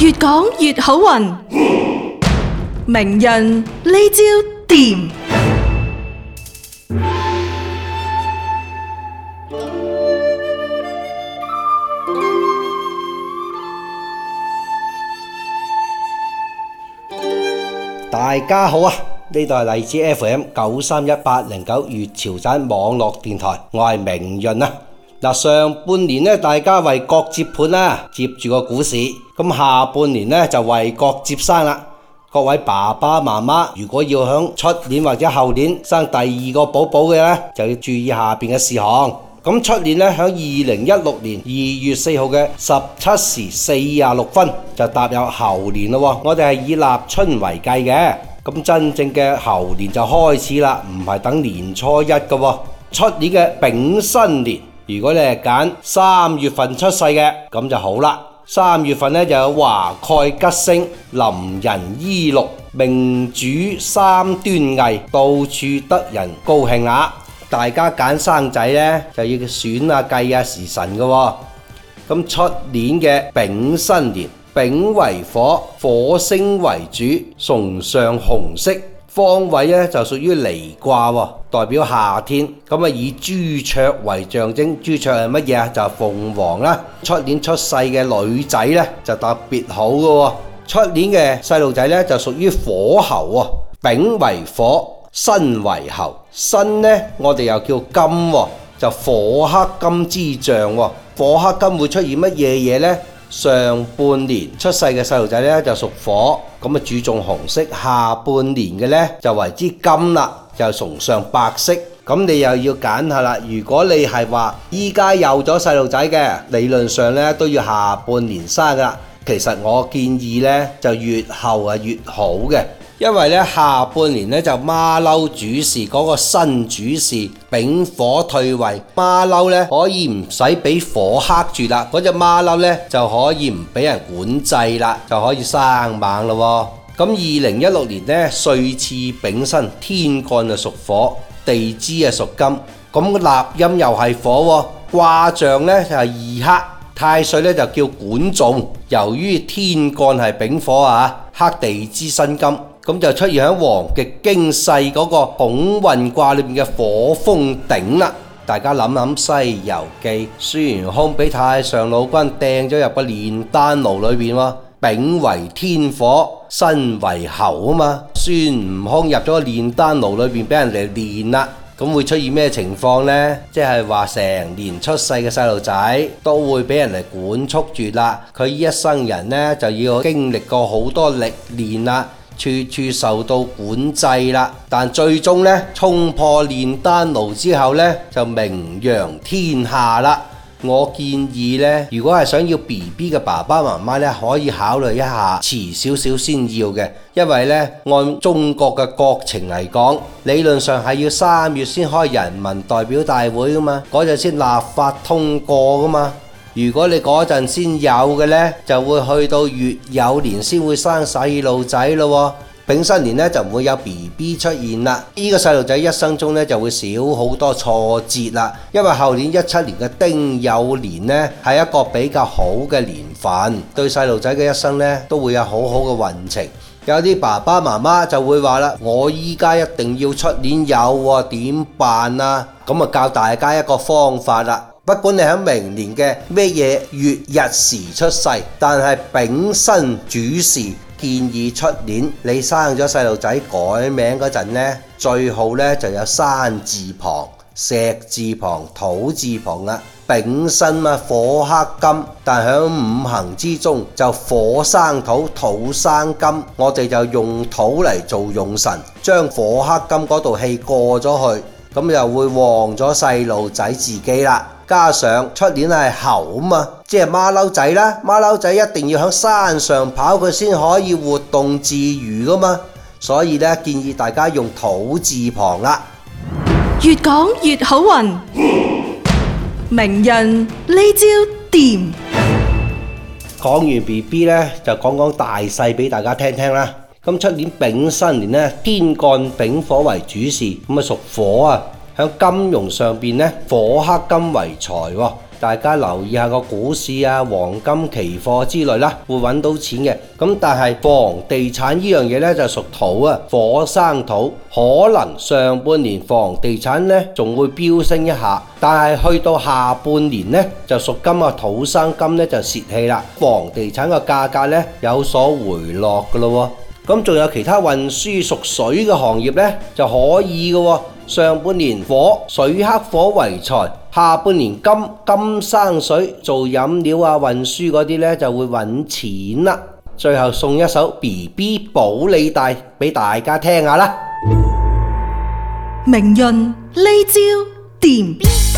越講越好運，明潤呢招掂。大家好啊，呢度係荔枝 FM 九三一八零九粵潮汕網絡電台，我係明潤啊。上半年大家為國接盤，接住個股市。下半年就為國接生，各位爸爸媽媽，如果要響出年或者後年生第二個寶寶嘅，就要注意下面嘅事項。咁出年咧響二零一六年二月四號嘅十七時四十六分，就踏入猴年咯。我哋係以立春為計嘅，咁真正嘅猴年就開始啦，唔係等年初一噶。出年嘅丙申年。如果你係揀三月份出世嘅，咁就好啦。三月份呢就有華蓋吉星、臨人衣祿、明主三端藝，到處得人高興啊！大家揀生仔呢，就要選啊計啊時辰嘅。咁出年嘅丙申年，丙為火，火星為主，崇尚紅色。方位呢就屬於離卦，代表夏天。咁啊以朱雀為象徵，朱雀係乜嘢啊？就鳳凰啦。出年出世嘅女仔咧就特別好噶。出年嘅細路仔呢就屬於火猴啊，丙為火，申為猴。申呢我哋又叫金，就火克金之象。火克金會出現乜嘢嘢呢？上半年出世嘅細路仔呢，就屬火，咁啊注重紅色；下半年嘅呢，就為之金啦，就崇尚白色。咁你又要揀下啦。如果你係話依家有咗細路仔嘅，理論上呢，都要下半年生㗎。其實我建議呢，就越後啊越好嘅。因為下半年咧就馬騮主事嗰、那個新主事丙火退位，馬騮可以唔使俾火克住啦，嗰隻馬騮就可以唔俾人管制啦，就可以生猛咯。咁二零一六年呢，歲次丙申，天干啊屬火，地支啊屬金，咁納音又係火，卦象呢就係、是、二黑，太歲咧就叫管仲。由於天干係丙火啊，克地支申金。咁就出現喺皇極經世嗰個拱運卦裏面嘅火風鼎啦。大家諗諗《西遊記》，孫悟空俾太上老君掟咗入個煉丹爐裏邊，丙為天火，申為猴啊嘛。孫悟空入咗煉丹爐裏面俾人嚟煉啦。咁會出現咩情況呢？即係話成年出世嘅細路仔都會俾人嚟管束住啦。佢一生人呢，就要經歷過好多歷練啦。處處受到管制啦，但最終呢，衝破煉丹爐之後呢，就名揚天下啦。我建議呢，如果係想要 BB 嘅爸爸媽媽呢，可以考慮一下遲少少先要嘅，因為呢，按中國嘅國情嚟講，理論上係要三月先開人民代表大會㗎嘛，嗰陣先立法通過㗎嘛。如果你嗰陣先有嘅呢，就會去到乙酉年先會生細路仔咯。丙申年呢，就唔會有 B B 出現啦。呢個細路仔一生中呢，就會少好多挫折啦。因為後年一七年嘅丁酉年呢，係一個比較好嘅年份，對細路仔嘅一生呢，都會有好好嘅運程。有啲爸爸媽媽就會話啦：我依家一定要出年有，點辦啊？咁啊教大家一個方法啦。不管你喺明年嘅咩嘢月日時出世，但係丙申主時建議出年你生咗細路仔改名嗰陣咧，最好咧就有山字旁、石字旁、土字旁啦。丙申嘛，火克金，但喺五行之中就火生土、土生金，我哋就用土嚟做用神，將火克金嗰道氣過咗去，咁又會旺咗細路仔自己啦。加上出年係猴嘛，即係馬騮仔啦。馬騮仔一定要響山上跑，佢先可以活動自如噶嘛。所以咧，建議大家用土字旁啦。越講越好運， 名人呢招掂。講完 B B 咧，就講講大細俾大家聽聽啦。咁出年丙申年呢，天干丙火為主事，咁啊屬火啊。喺金融上面呢，火克金為財，大家留意下個股市啊、黃金期貨之類啦，會揾到錢嘅。咁但係房地產呢樣嘢呢就屬土啊，火生土，可能上半年房地產呢仲會飆升一下，但係去到下半年呢就屬金啊，土生金呢就泄氣啦。房地產嘅價格呢有所回落㗎喇喎。咁仲有其他運輸屬水嘅行業呢就可以㗎喎。上半年火，水克火為財，下半年金，金生水，做飲料啊、運輸嗰啲咧就會揾錢啦。最後送一首 BB 保你大俾大家聽下啦。明潤呢招掂。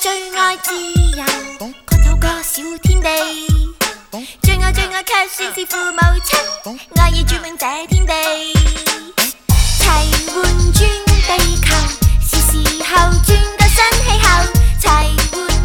最愛自由，各有各小天地。最愛最愛卻算是父母親，愛意注滿這天地。齊 換轉地球，是時候轉個新氣候。齊換。